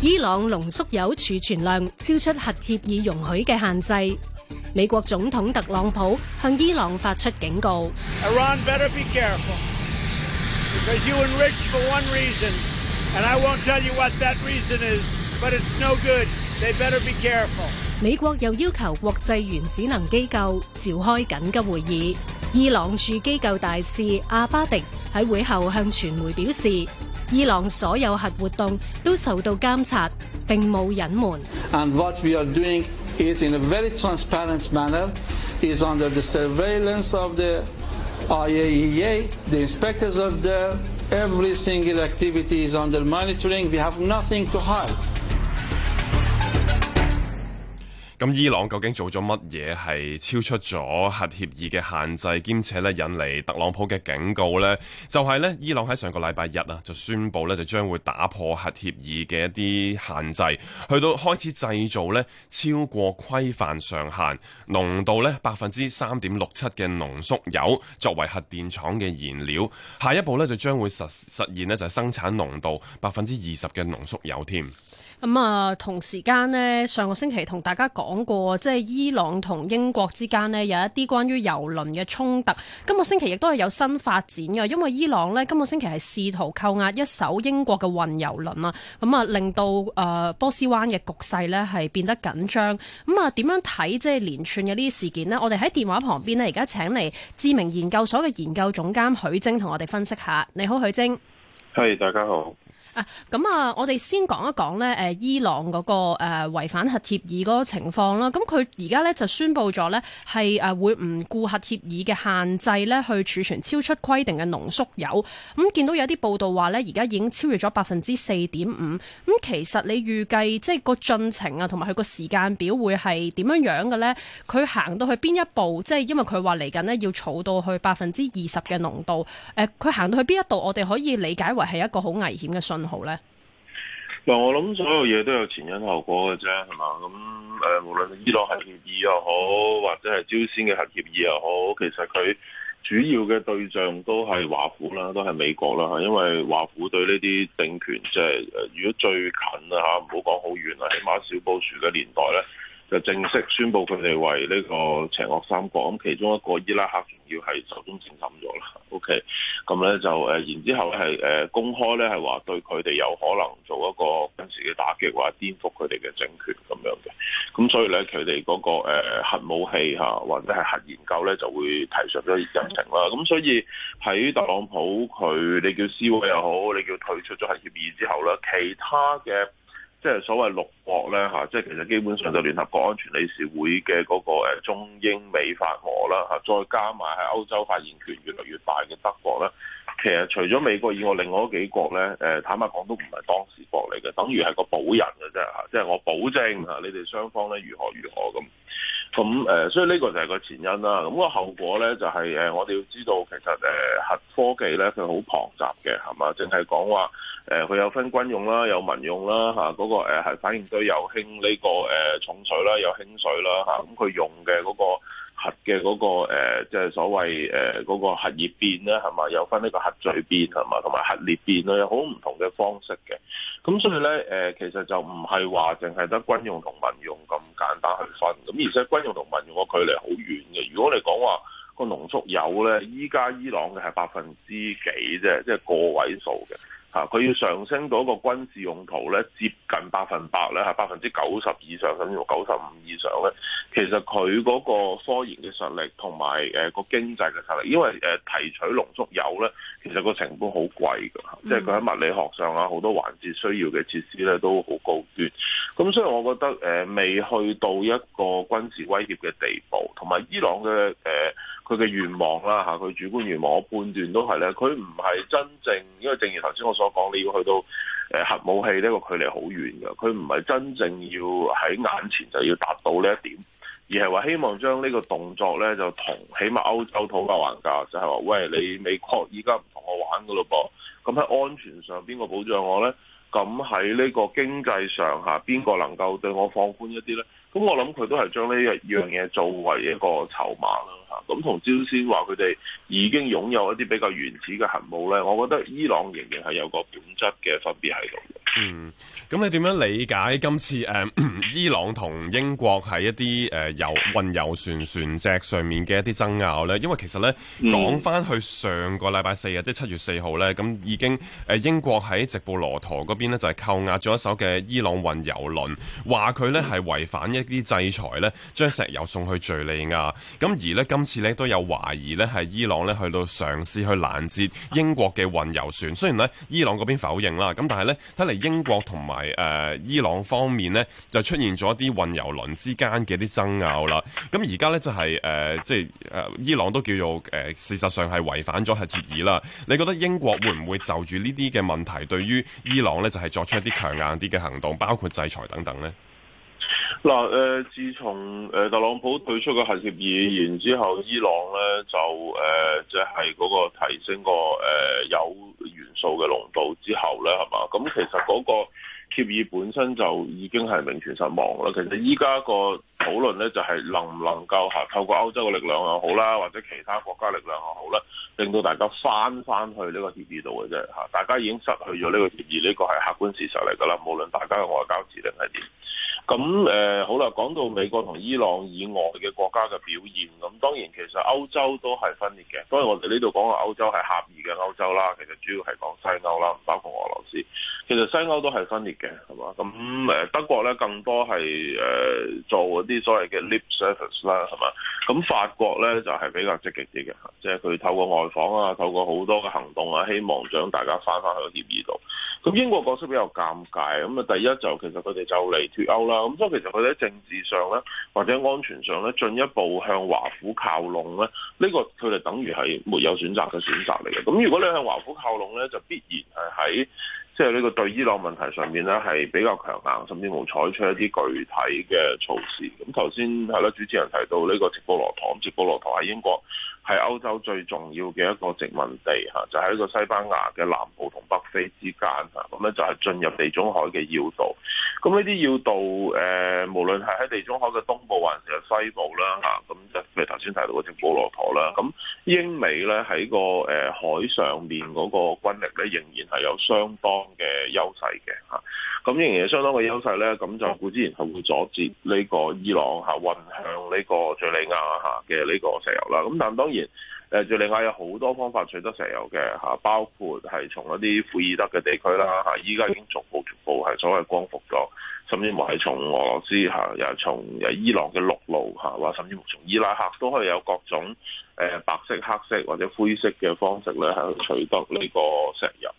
伊朗濃縮鈾儲存量超出核協議容許嘅限制，美國總統特朗普向伊朗發出警告。Iran better be careful, because you enrich for one reason, and I won't tell you what that reason is, but it's no good. They better be careful. 美國又要求國際原子能機構召開緊急會議。伊朗駐機構大使阿巴迪喺會後向傳媒表示。伊朗所有核活動都受到監察，並冇隱瞞。咁伊朗究竟做咗乜嘢係超出咗核協議嘅限制，兼且咧引嚟特朗普嘅警告咧，就係咧伊朗喺上個禮拜日啊，就宣布咧就將會打破核協議嘅一啲限制，去到開始製造咧超過規範上限濃度咧百分之三點六七嘅濃縮鈾作為核電廠嘅燃料，下一步咧就將會實實現咧就係生產濃度百分之二十嘅濃縮鈾添。咁啊、嗯，同時間呢，上個星期同大家講過，即係伊朗同英國之間咧有一啲關於油輪嘅衝突。今個星期亦都係有新發展嘅，因為伊朗呢，今個星期係試圖扣押一艘英國嘅運油輪啊，咁、嗯、啊令到誒、呃、波斯灣嘅局勢呢係變得緊張。咁、嗯、啊，點樣睇即係連串嘅呢啲事件呢，我哋喺電話旁邊呢，而家請嚟知名研究所嘅研究總監許晶同我哋分析下。你好，許晶。係，hey，大家好。咁啊，我哋先講一講呢，誒，伊朗嗰、那個誒、呃、違反核協議嗰個情況啦。咁佢而家呢，就宣布咗呢，係誒會唔顧核協議嘅限制呢去儲存超出規定嘅濃縮鈾。咁、嗯、見到有啲報道話呢，而家已經超越咗百分之四點五。咁、嗯、其實你預計即係個進程啊，同埋佢個時間表會係點樣樣嘅呢？佢行到去邊一步？即係因為佢話嚟緊呢，要儲到去百分之二十嘅濃度。誒、呃，佢行到去邊一度？我哋可以理解為係一個好危險嘅信號。好咧，嗱，我諗所有嘢，都有前因後果嘅啫，係嘛，咁誒，無論伊朗核協議又好，或者係朝鮮嘅核協議又好，其實佢主要嘅對象都係華府啦，都係美國啦，因為華府對呢啲政權即係，如果最近啊吓，唔好講好遠啦，起碼小布什嘅年代咧。就正式宣布佢哋為呢個邪惡三國，咁其中一個伊拉克仲要係手中審審咗啦。O K，咁咧就誒、呃，然之後咧係、呃、公開咧係話對佢哋有可能做一個軍事嘅打擊或、那個呃啊，或者顛覆佢哋嘅政權咁樣嘅。咁所以咧，佢哋嗰個核武器嚇或者係核研究咧就會提上咗日程啦。咁所以喺特朗普佢你叫撕毀又好，你叫退出咗核協議之後咧，其他嘅。即係所謂六國咧嚇，即係其實基本上就聯合國安、安全理事會嘅嗰個中英美法俄啦嚇，再加埋喺歐洲發言權越嚟越大嘅德國啦。其實除咗美國以外，另外嗰幾國咧，誒坦白講都唔係當事國嚟嘅，等於係個保人嘅啫嚇，即係我保證嚇你哋雙方咧如何如何咁，咁誒，所以呢個就係個前因啦。咁、嗰個後果咧就係、係、誒，我哋要知道其實誒核科技咧佢好龐雜嘅係嘛，淨係講話誒佢有分軍用啦，有民用啦嚇，嗰、嗰個誒核反應堆又興呢個誒重水啦，又輕水啦嚇，咁佢用嘅嗰、嗰個。核嘅嗰個誒，即係所謂誒嗰個核裂變咧，係嘛，又分呢個核聚變係嘛，同埋核裂變咧，有好唔同嘅方式嘅。咁所以咧誒，其實就唔係話淨係得軍用同民用咁簡單去分。咁而且軍用同民用個距離好遠嘅。如果你哋講話個濃縮鈾咧，依家伊朗嘅係百分之幾啫，即係個位數嘅。嚇，佢要上升到一個軍事用途咧，接近百分百咧，嚇百分之九十以上甚至乎九十五以上咧，其實佢嗰個科研嘅實力同埋誒個經濟嘅實力，因為誒、呃、提取濃縮鈾咧，其實個成本好貴㗎，即係佢喺物理學上啊好多環節需要嘅設施咧都好高端，咁所以我覺得誒、呃、未去到一個軍事威脅嘅地步，同埋伊朗嘅誒。呃佢嘅願望啦嚇，佢主觀願望，我判斷都係咧，佢唔係真正，因為正如頭先我所講，你要去到誒核武器呢個距離好遠㗎，佢唔係真正要喺眼前就要達到呢一點，而係話希望將呢個動作咧就同起碼歐洲討價還價，就係話喂，你美國依家唔同我玩㗎咯噃，咁喺安全上邊個保障我咧？咁喺呢個經濟上嚇，邊個能夠對我放寬一啲咧？咁我諗佢都係將呢一樣嘢作為一個籌碼啦嚇，咁同朝鮮話佢哋已經擁有一啲比較原始嘅核武咧，我覺得伊朗仍然係有個本質嘅分別喺度。嗯，咁你點樣理解今次誒伊朗同英國喺一啲誒油運油船船隻上面嘅一啲爭拗咧？因為其實咧講返去上個禮拜四啊，即係七月四號咧，咁、嗯、已經誒、呃、英國喺直布羅陀嗰邊咧就係、是、扣押咗一艘嘅伊朗運油輪話佢咧係違反一啲制裁咧，將石油送去敘利亞，咁而咧今次咧都有懷疑咧係伊朗咧去到嘗試去攔截英國嘅運油船。雖然咧伊朗嗰邊否認啦，咁但係咧睇嚟。英國同埋誒伊朗方面呢，就出現咗一啲運油輪之間嘅啲爭拗啦。咁而家呢，就係、是、誒、呃，即係誒、呃、伊朗都叫做誒、呃，事實上係違反咗核協議啦。你覺得英國會唔會就住呢啲嘅問題，對於伊朗呢，就係、是、作出一啲強硬啲嘅行動，包括制裁等等呢？嗱誒、呃，自從誒、呃、特朗普退出個核協議然後之後，伊朗呢，就誒即係嗰個提升個誒、呃、有數嘅濃度之後呢，係嘛？咁、嗯、其實嗰個協議本身就已經係名存實亡啦。其實依家個討論呢，就係、是、能唔能夠嚇透過歐洲嘅力量又好啦，或者其他國家力量又好啦，令到大家翻翻去呢個協議度嘅啫嚇。大家已經失去咗呢個協議，呢、這個係客觀事實嚟噶啦。無論大家嘅外交指令係點。咁誒、呃、好啦，講到美國同伊朗以外嘅國家嘅表現，咁當然其實歐洲都係分裂嘅。所以我哋呢度講嘅歐洲係狹義嘅歐洲啦，其實主要係講西歐啦，唔包括俄羅斯。其實西歐都係分裂嘅，係嘛？咁誒德國咧，更多係誒、呃、做嗰啲所謂嘅 lip service 啦，係嘛？咁法國咧就係比較積極啲嘅，即係佢透過外訪啊，透過好多嘅行動啊，希望將大家翻返去協議度。咁英國角色比較尷尬，咁啊第一就其實佢哋就嚟脱歐啦。咁所以其實佢哋喺政治上咧，或者安全上咧，進一步向華府靠攏咧，呢個佢哋等於係沒有選擇嘅選擇嚟嘅。咁如果你向華府靠攏咧，就必然係喺即係呢個對伊朗問題上面咧，係比較強硬，甚至冇採取一啲具體嘅措施。咁頭先係啦，主持人提到呢個直布羅陀，直布羅陀喺英國。係歐洲最重要嘅一個殖民地嚇，就係一個西班牙嘅南部同北非之間嚇，咁咧就係、是、進入地中海嘅要道。咁呢啲要道誒，無論係喺地中海嘅東部還是西部啦嚇，咁就譬如頭先提到嘅直布羅陀啦。咁英美咧喺個誒海上面嗰個軍力咧，仍然係有相當嘅優勢嘅嚇。咁仍然係相當嘅優勢咧，咁就固然係會阻截呢個伊朗嚇運向呢個敍利亞嚇嘅呢個石油啦。咁但當然。誒，敍利亞有好多方法取得石油嘅嚇，包括係從一啲庫爾德嘅地區啦嚇，依家已經逐步逐步係所謂光復咗，甚至乎係從俄羅斯嚇，又從誒伊朗嘅陸路嚇，或甚至乎從伊拉克都可以有各種誒白色、黑色或者灰色嘅方式咧，喺度取得呢個石油。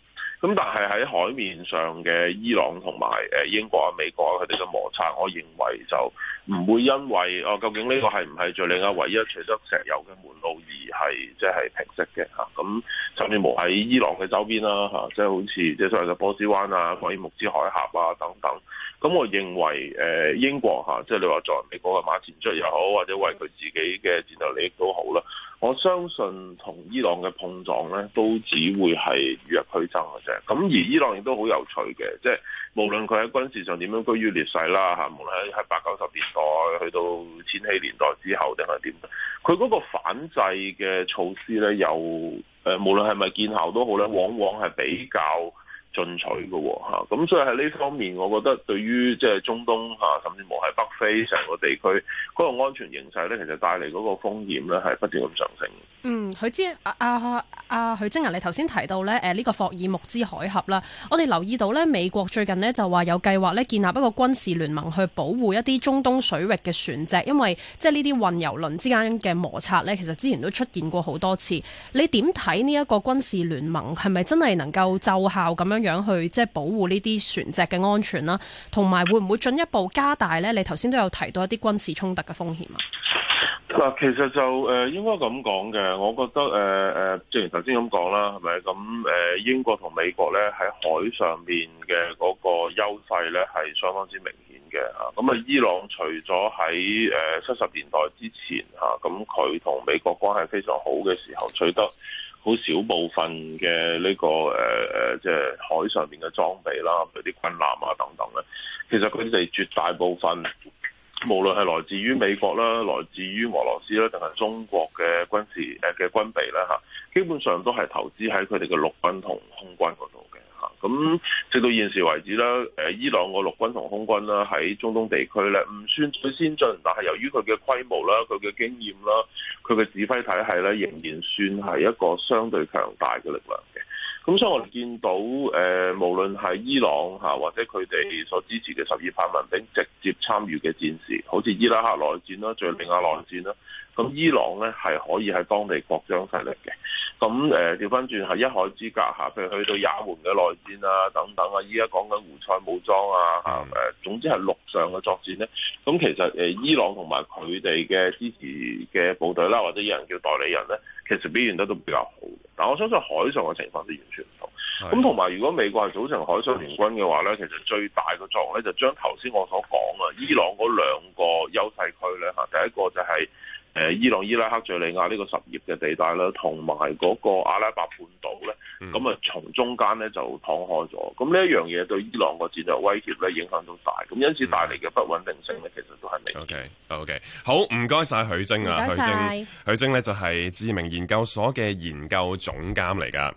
咁但係喺海面上嘅伊朗同埋誒英國啊、美國啊，佢哋嘅摩擦，我認為就唔會因為哦，究竟呢個係唔係敍利亞唯一取得石油嘅門路，係即係平息嘅嚇，咁、啊、甚至乎喺伊朗嘅周邊啦嚇，即係好似即係所謂嘅波斯灣啊、霍爾木茲海峽啊等等。咁、啊、我認為誒、呃、英國嚇，即、啊、係、就是、你話作為美國嘅馬前卒又好，或者為佢自己嘅戰鬥利益都好啦。我相信同伊朗嘅碰撞咧，都只會係與日俱增嘅啫。咁而伊朗亦都好有趣嘅，即係無論佢喺軍事上點樣居於劣勢啦，吓，無論喺八九十年代去到千禧年代之後定係點，佢嗰個反制嘅措施咧，又誒、呃、無論係咪見效都好咧，往往係比較，進取嘅喎，咁所以喺呢方面，我覺得對於即係中東嚇，甚至無係北非成個地區嗰個安全形勢咧，其實帶嚟嗰個風險咧，係不斷咁上升。嗯，佢知阿阿阿許楨啊，啊啊晶你頭先提到咧，誒、啊、呢、這個霍爾木茲海峽啦，我哋留意到咧，美國最近咧就話有計劃咧建立一個軍事聯盟去保護一啲中東水域嘅船隻，因為即係呢啲運油輪之間嘅摩擦咧，其實之前都出現過好多次。你點睇呢一個軍事聯盟係咪真係能夠奏效咁樣樣去即係保護呢啲船隻嘅安全啦？同埋會唔會進一步加大咧？你頭先都有提到一啲軍事衝突嘅風險啊？嗱，其實就誒、呃、應該咁講嘅。誒，我覺得誒誒、呃，正如頭先咁講啦，係咪？咁、呃、誒，英國同美國咧喺海上面嘅嗰個優勢咧，係相當之明顯嘅吓。咁啊，伊朗除咗喺誒七十年代之前吓，咁佢同美國關係非常好嘅時候，取得好少部分嘅呢、這個誒誒，即、呃、係、就是、海上面嘅裝備啦，譬、啊、如啲軍艦啊等等咧。其實佢哋絕大部分。無論係來自於美國啦，來自於俄羅斯啦，定係中國嘅軍事誒嘅軍備啦，嚇，基本上都係投資喺佢哋嘅陸軍同空軍嗰度嘅嚇。咁直到現時為止咧，誒伊朗個陸軍同空軍啦，喺中東地區咧，唔算最先進，但係由於佢嘅規模啦、佢嘅經驗啦、佢嘅指揮體系咧，仍然算係一個相對強大嘅力量。咁、 嗯、所以我哋見到，誒、呃、無論係伊朗嚇、啊、或者佢哋所支持嘅十二派民兵直接參與嘅戰事，好似伊拉克內戰啦、敍利亞內戰啦。咁伊朗咧係可以喺當地擴張勢力嘅，咁誒調返轉係一海之隔嚇，譬如去到也門嘅內戰啊等等啊，依家講緊胡塞武裝啊嚇誒、啊，總之係陸上嘅作戰咧，咁其實誒伊朗同埋佢哋嘅支持嘅部隊啦或者有人叫代理人咧，其實表現得都比較好嘅。但我相信海上嘅情況就完全唔同。咁同埋如果美國係組成海上聯軍嘅話咧，其實最大嘅作用咧就將頭先我所講啊，伊朗嗰兩個優勢區咧嚇，第一個就係、是。誒，伊朗、伊拉克、敘利亞呢個十葉嘅地帶啦，同埋嗰個阿拉伯半島咧，咁啊從中間咧就躺開咗，咁呢一樣嘢對伊朗個戰略威脅咧影響都大，咁因此帶嚟嘅不穩定性咧，其實都係未。O K O K，好唔該晒許楨啊，許楨謝謝 禎，許楨咧就係智明研究所嘅研究總監嚟噶。